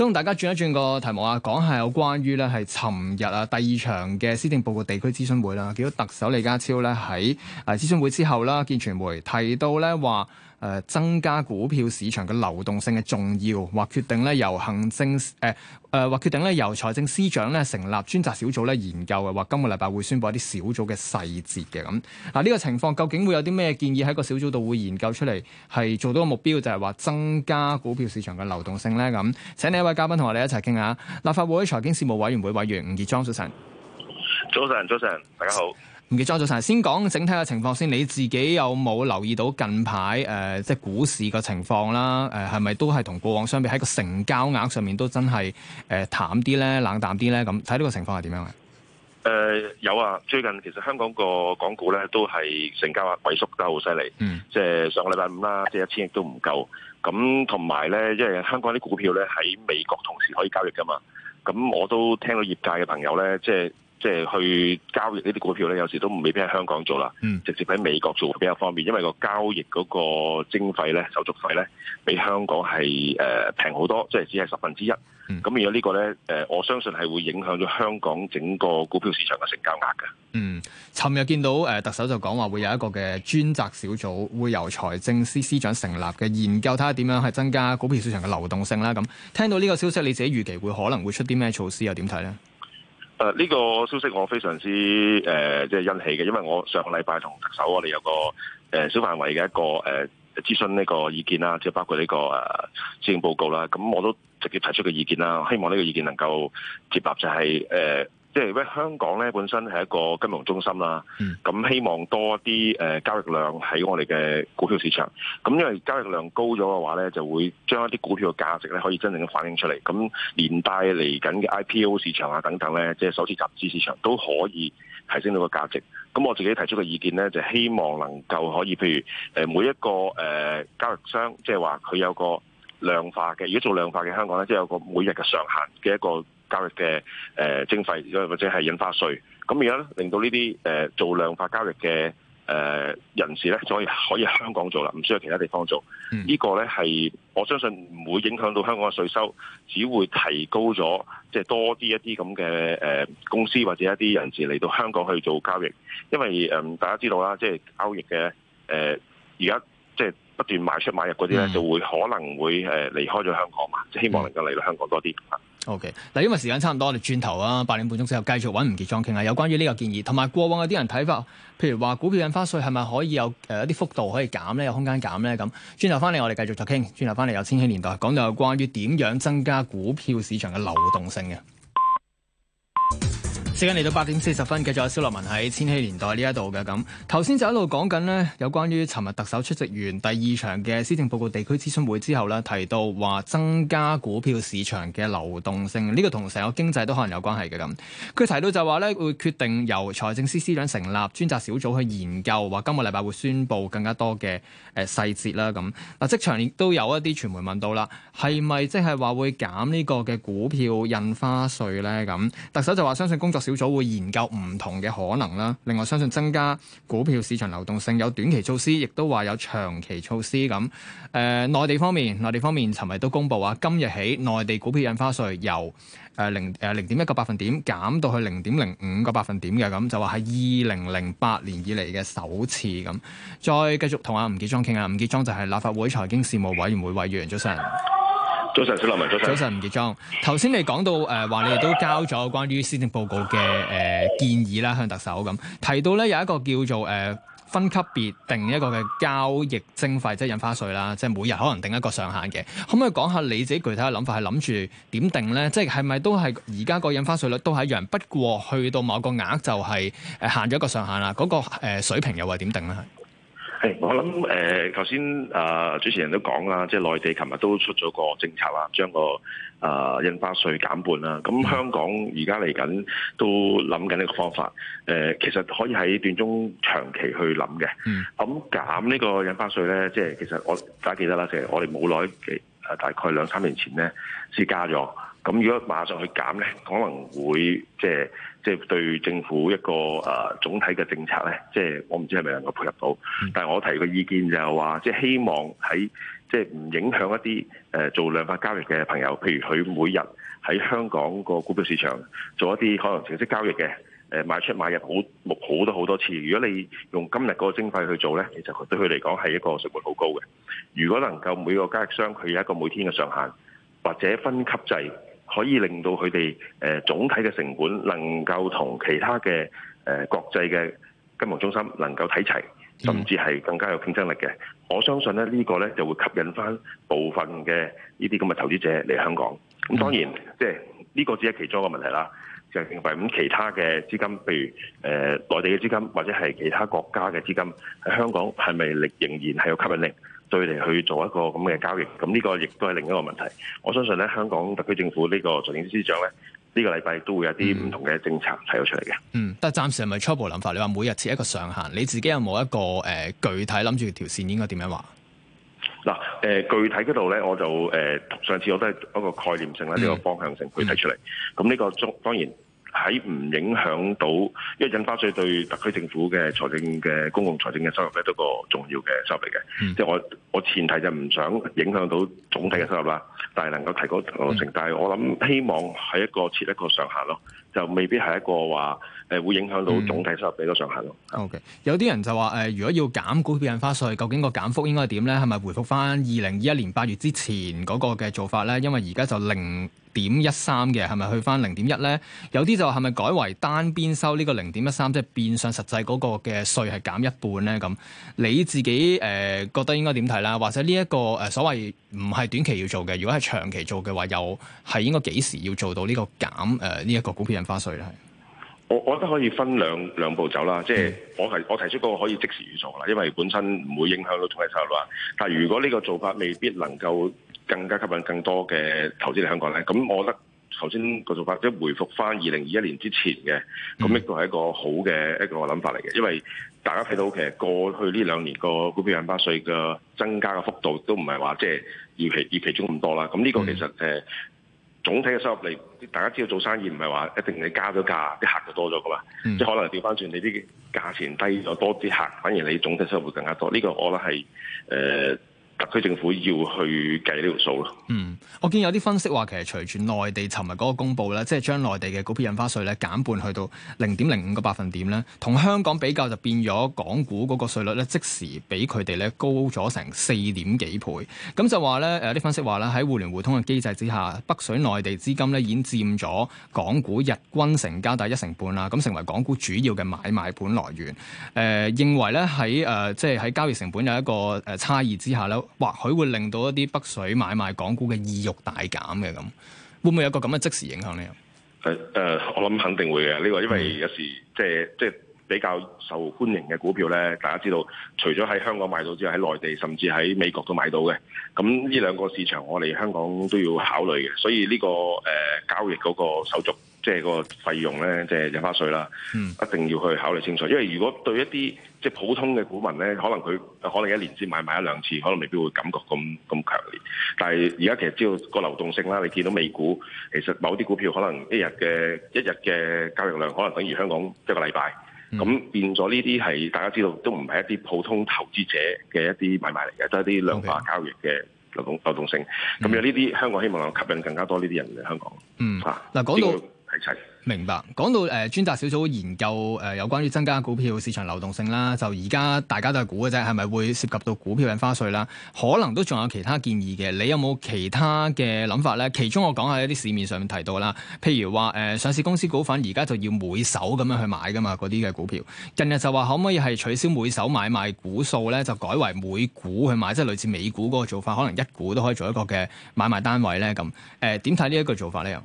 都同大家轉一轉個題目啊，講下有關於咧係尋日啊第二場嘅施政報告地區諮詢會啦，見到特首李家超咧喺啊諮詢會之後啦，見傳媒提到咧話。誒增加股票市場嘅流動性嘅重要，或決定咧由行政誒誒，或、呃呃、決定咧由財政司長咧成立專責小組咧研究嘅，或今個禮拜會宣布一啲小組嘅細節嘅咁。嗱呢、這個情況究竟會有啲咩建議喺個小組度會研究出嚟，係做到個目標就係、是、話增加股票市場嘅流動性咧咁？請你一位嘉賓同我哋一齊傾下，立法會財經事務委員會委員吳傑莊早晨。早晨，早晨，大家好。唔記得咗咗晒，先講整體嘅情況先。你自己有冇留意到近排誒、呃，即係股市嘅情況啦？誒、呃，係咪都係同過往相比，喺個成交額上面都真係誒、呃、淡啲咧，冷淡啲咧？咁睇呢個情況係點樣啊？誒、呃、有啊，最近其實香港個港股咧都係成交額萎縮得好犀利，嗯，即係上個禮拜五啦，即係一千億都唔夠。咁同埋咧，因為香港啲股票咧喺美國同時可以交易㗎嘛。咁我都聽到業界嘅朋友咧，即係。即係去交易呢啲股票咧，有時都唔未必喺香港做啦，嗯、直接喺美國做比較方便，因為個交易嗰個徵費咧、手續費咧，比香港係平好多，即係只係十分之一。咁、嗯、而家呢個咧、呃、我相信係會影響咗香港整個股票市場嘅成交額嘅。嗯，尋日見到、呃、特首就講話會有一個嘅專責小組，會由財政司司長成立嘅，研究睇下點樣去增加股票市場嘅流動性啦。咁聽到呢個消息，你自己預期會可能會出啲咩措施又點睇咧？誒，呢、呃這個消息我非常之誒，即、呃、係、就是、欣喜嘅，因為我上個禮拜同特首我哋有個誒小範圍嘅一個誒諮詢呢個意見啦，即係包括呢、這個誒施政報告啦，咁我都直接提出個意見啦，希望呢個意見能夠接納、就是，就係誒。即係香港咧，本身係一個金融中心啦。咁、嗯、希望多啲誒交易量喺我哋嘅股票市場。咁因為交易量高咗嘅話咧，就會將一啲股票嘅價值咧，可以真正咁反映出嚟。咁連帶嚟緊嘅 IPO 市場啊，等等咧，即係首次集資市場都可以提升到個價值。咁我自己提出嘅意見咧，就希望能夠可以，譬如誒每一個誒交易商，即係話佢有個量化嘅。如果做量化嘅香港咧，即係有個每日嘅上限嘅一個。交易嘅誒徵費，或者係印花稅，咁而家咧令到呢啲誒做量化交易嘅誒人士咧，就可以可以喺香港做啦，唔需要其他地方做。呢個咧係我相信唔會影響到香港嘅稅收，只會提高咗，即係多啲一啲咁嘅誒公司或者一啲人士嚟到香港去做交易，因為誒大家知道啦，即係交易嘅誒而家即係不斷賣出買入嗰啲咧，嗯、就會可能會誒離開咗香港嘛，即係希望能夠嚟到香港多啲。O.K. 嗱，因為時間差唔多，我哋轉頭啊，八點半鐘之後繼續搵吳傑莊傾啊，有關於呢個建議，同埋過往有啲人睇法，譬如話股票印花稅係咪可以有誒一啲，呃、幅度可以減咧，有空間減咧咁，轉頭翻嚟我哋繼續再傾，轉頭翻嚟有千禧年代講到有關於點樣增加股票市場嘅流動性嘅。時間嚟到八點四十分，繼續有蕭樂文喺千禧年代呢一度嘅，咁，頭先就一路講緊呢，有關於尋日特首出席完第二場嘅施政報告地區諮詢會之後呢，提到話增加股票市場嘅流動性，呢、這個同成個經濟都可能有關係嘅，咁。佢提到就話呢，會決定由財政司司長成立專責小組去研究，話今個禮拜會宣布更加多嘅誒細節啦，咁。嗱，即場亦都有一啲傳媒問到啦，係咪即係話會減呢個嘅股票印花稅呢？咁特首就話相信工作小小組會研究唔同嘅可能啦。另外，相信增加股票市場流動性有短期措施，亦都話有長期措施咁。誒、呃，內地方面，內地方面尋日都公布啊，今日起內地股票印花稅由誒零誒零點一個百分點減到去零點零五個百分點嘅，咁就話係二零零八年以嚟嘅首次咁。再繼續同阿吳傑莊傾啊，吳傑莊就係立法會財經事務委員會委員，早晨。早晨，小劉文。早晨，早晨，吳傑莊。頭先你講到誒，話、呃、你哋都交咗關於施政報告嘅誒、呃、建議啦，向特首咁提到咧，有一個叫做誒、呃、分級別定一個嘅交易徵費，即係印花稅啦，即係每日可能定一個上限嘅。可唔可以講下你自己具體嘅諗法，係諗住點定咧？即係係咪都係而家個印花稅率都係一樣？不過去到某個額就係誒限咗一個上限啦。嗰、嗰個誒、呃、水平又係點定咧？係，我諗誒，頭先啊，主持人都講啦，即係內地琴日都出咗個政策啦，將、個啊、呃、印花稅減半啦。咁香港而家嚟緊都諗緊呢個方法。誒、呃，其實可以喺段中長期去諗嘅。嗯。咁、嗯、減呢個印花稅咧，即係其實我大家記得啦，其實我哋冇耐幾誒大概兩三年前咧先加咗。咁如果馬上去減呢，可能會即係即係對政府一個誒總體嘅政策呢，即係我唔知係咪能夠配合到。但係我提個意見就係話，即係希望喺即係唔影響一啲誒做量化交易嘅朋友，譬如佢每日喺香港個股票市場做一啲可能程式交易嘅誒買出買入好目好多好多次。如果你用今日嗰個徵費去做呢，其實對佢嚟講係一個成本好高嘅。如果能夠每個交易商佢有一個每天嘅上限，或者分級制。可以令到佢哋、呃、總體嘅成本能夠同其他嘅、呃、國際嘅金融中心能夠睇齊，甚至係更加有競爭力嘅。我相信咧呢個咧就會吸引翻部分嘅呢啲咁嘅投資者嚟香港。咁當然即係呢個只係其中一個問題啦，就係淨為咁其他嘅資金，譬如誒內地嘅資金或者係其他國家嘅資金喺香港係咪仍仍然係有吸引力？對嚟去做一個咁嘅交易，咁呢個亦都係另一個問題。我相信咧，香港特區政府呢個呢、呢個財政司長咧，呢個禮拜都會有啲唔同嘅政策睇到出嚟嘅。嗯，但係暫時係咪初步諗法？你話每日設一個上限，你自己有冇一個誒、呃、具體諗住條線應該點樣話？嗱、呃，誒、呃、具體嗰度咧，我就誒、呃、上次我都係一個概念性啦，一、嗯、個方向性具體出嚟。咁呢、嗯嗯、個中當然。喺唔影響到，因為印花稅對特區政府嘅財政嘅公共財政嘅收入咧都個重要嘅收入嚟嘅。嗯、即我我前提就唔想影響到總體嘅收入啦，但係能夠提高成。嗯、但係我諗希望係一個設一個上限咯。就未必係一個話誒會影響到總體收入比較上限咯。嗯、o、okay. K，有啲人就話，誒、呃，如果要減股票印花稅，究竟個減幅應該係點咧？係咪回復翻二零二一年八月之前嗰個嘅做法咧？因為而家就零點一三嘅，係咪去翻零點一咧？有啲就係咪改為單邊收呢個零點一三，即係變相實際嗰個嘅稅係減一半咧？咁你自己誒、呃、覺得應該點睇啦？或者呢、這、一個誒、呃、所謂唔係短期要做嘅，如果係長期做嘅話，又係應該幾時要做到呢個減誒呢一個股票印花？花稅啊，我我覺得可以分兩兩步走啦，即係我提我提出嗰個可以即時預做啦，因為本身唔會影響到總體收入啦。但係如果呢個做法未必能夠更加吸引更多嘅投資嚟香港咧，咁我覺得頭先個做法即係回復翻二零二一年之前嘅，咁呢個係一個好嘅一個諗法嚟嘅，因為大家睇到其實過去呢兩年個股票印花稅嘅增加嘅幅度都唔係話即係預期預期中咁多啦，咁呢個其實誒。嗯總體嘅收入嚟，大家知道做生意唔係話一定你加咗價，啲客就多咗噶嘛，嗯、即係可能調翻轉你啲價錢低咗，多啲客，反而你總體收入會更加多。呢個我覺得係誒。呃特區政府要去計呢條數咯。嗯，我見有啲分析話，其實隨住內地尋日嗰個公佈咧，即係將內地嘅股票印花稅咧減半，去到零點零五個百分點咧，同香港比較就變咗港股嗰個稅率咧，即時比佢哋咧高咗成四點幾倍。咁就話咧，有啲分析話咧，喺互聯互通嘅機制之下，北水內地資金咧已經佔咗港股日均成交大一成半啦，咁成為港股主要嘅買賣本來源。呃，認為咧喺即係喺交易成本有一個差異之下咧。或許會令到一啲北水買賣港股嘅意欲大減嘅咁，會唔會有一個咁嘅即時影響呢？誒誒，我諗肯定會嘅。呢個因為有時即係即係比較受歡迎嘅股票咧，大家知道，除咗喺香港買到之外，喺內地甚至喺美國都買到嘅。咁呢兩個市場，我哋香港都要考慮嘅。所以呢個誒，呃，交易嗰個手續。即係個費用咧，即係印花稅啦，嗯、一定要去考慮清楚。因為如果對一啲即係普通嘅股民咧，可能佢可能一年先買賣一兩次，可能未必會感覺咁咁強烈。但係而家其實知道個流動性啦，你見到美股其實某啲股票可能一日嘅一日嘅交易量可能等於香港一個禮拜。咁、嗯、變咗呢啲係大家知道都唔係一啲普通投資者嘅一啲買賣嚟嘅，都係啲量化交易嘅流動、嗯、流動性。咁有呢啲香港希望吸引更加多呢啲人嚟香港。嗯，嗱、啊、講到。明白。講到誒專責小組研究、呃、有關於增加股票市場流動性啦，就而家大家都係估嘅啫，係咪會涉及到股票印花稅啦？可能都仲有其他建議嘅。你有冇其他嘅諗法咧？其中我講喺一啲市面上面提到啦，譬如話、呃、上市公司股份而家就要每手咁樣去買㗎嘛，嗰啲嘅股票。近日就話可唔可以係取消每手買賣股數咧，就改為每股去買，即係類似美股嗰個做法，可能一股都可以做一個嘅買賣單位咧。咁誒點睇呢一個做法咧？又？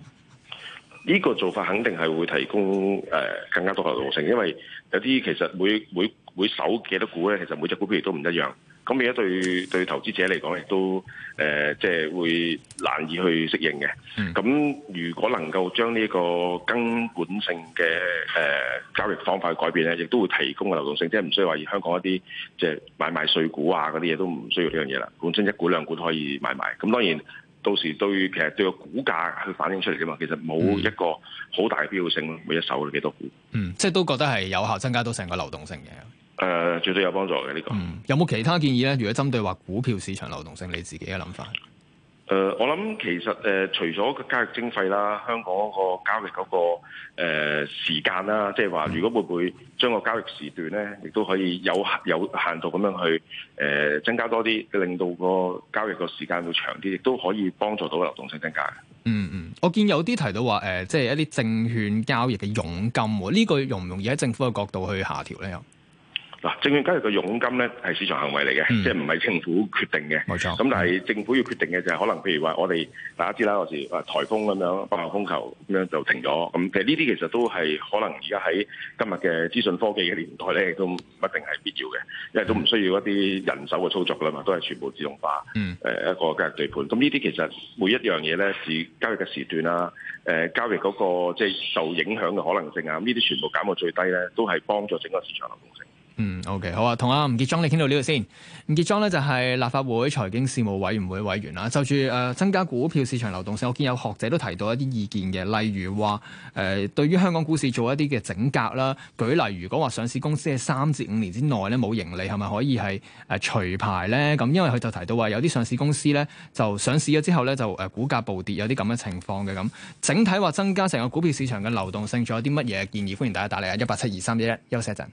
呢個做法肯定係會提供誒、呃、更加多流動性，因為有啲其實每每每手幾多股咧，其實每隻股票亦都唔一樣。咁而家對對投資者嚟講亦都誒、呃，即係會難以去適應嘅。咁、嗯、如果能夠將呢個根本性嘅誒、呃、交易方法改變咧，亦都會提供流動性，即係唔需要話以香港一啲即係買賣碎股啊嗰啲嘢都唔需要呢樣嘢啦。本身一股兩股都可以買賣。咁當然。到時對其實對個股價去反映出嚟啫嘛，其實冇一個好大嘅必要性咯，每一手幾多股？嗯，即係都覺得係有效增加到成個流動性嘅。誒、呃，絕對有幫助嘅呢、呢個。嗯，有冇其他建議咧？如果針對話股票市場流動性，你自己嘅諗法？誒、呃，我諗其實誒、呃，除咗個交易徵費啦，香港嗰個交易嗰個誒時間啦，即係話如果會唔會將個交易時段咧，亦都可以有有限度咁樣去誒、呃、增加多啲，令到個交易個時間會長啲，亦都可以幫助到個流動性增加。嗯嗯，我見有啲提到話誒，即、呃、係、就是、一啲證券交易嘅佣金呢、這個容唔容易喺政府嘅角度去下調咧？嗱，證券交易嘅佣金咧，係市場行為嚟嘅，嗯、即係唔係政府決定嘅。冇錯、咁、嗯、但係政府要決定嘅就係可能，譬如話我哋大家知啦，有時話颱風咁樣，八號風球咁樣就停咗。咁其實呢啲其實都係可能而家喺今日嘅資訊科技嘅年代咧，亦都唔一定係必要嘅，因為都唔需要一啲人手嘅操作啦嘛，都係全部自動化。嗯、一個交易對盤。咁呢啲其實每一樣嘢咧，是交易嘅時段啊，誒、呃、交易嗰個即係受影響嘅可能性啊，呢啲全部減到最低咧，都係幫助整個市場嘅動嗯，OK，好啊。同阿吳傑莊你傾到呢度先。吳傑莊咧就係立法會財經事務委員會委員啦。就住誒、呃、增加股票市場流動性，我見有學者都提到一啲意見嘅，例如話誒、呃、對於香港股市做一啲嘅整格啦。舉例，如果話上市公司喺三至五年之內咧冇盈利，係咪可以係誒除牌咧？咁、呃、因為佢就提到話有啲上市公司咧就上市咗之後咧就誒股價暴跌，有啲咁嘅情況嘅。咁整體話增加成個股票市場嘅流動性，仲有啲乜嘢建議？歡迎大家打嚟啊！一八七二三一一，休息一陣。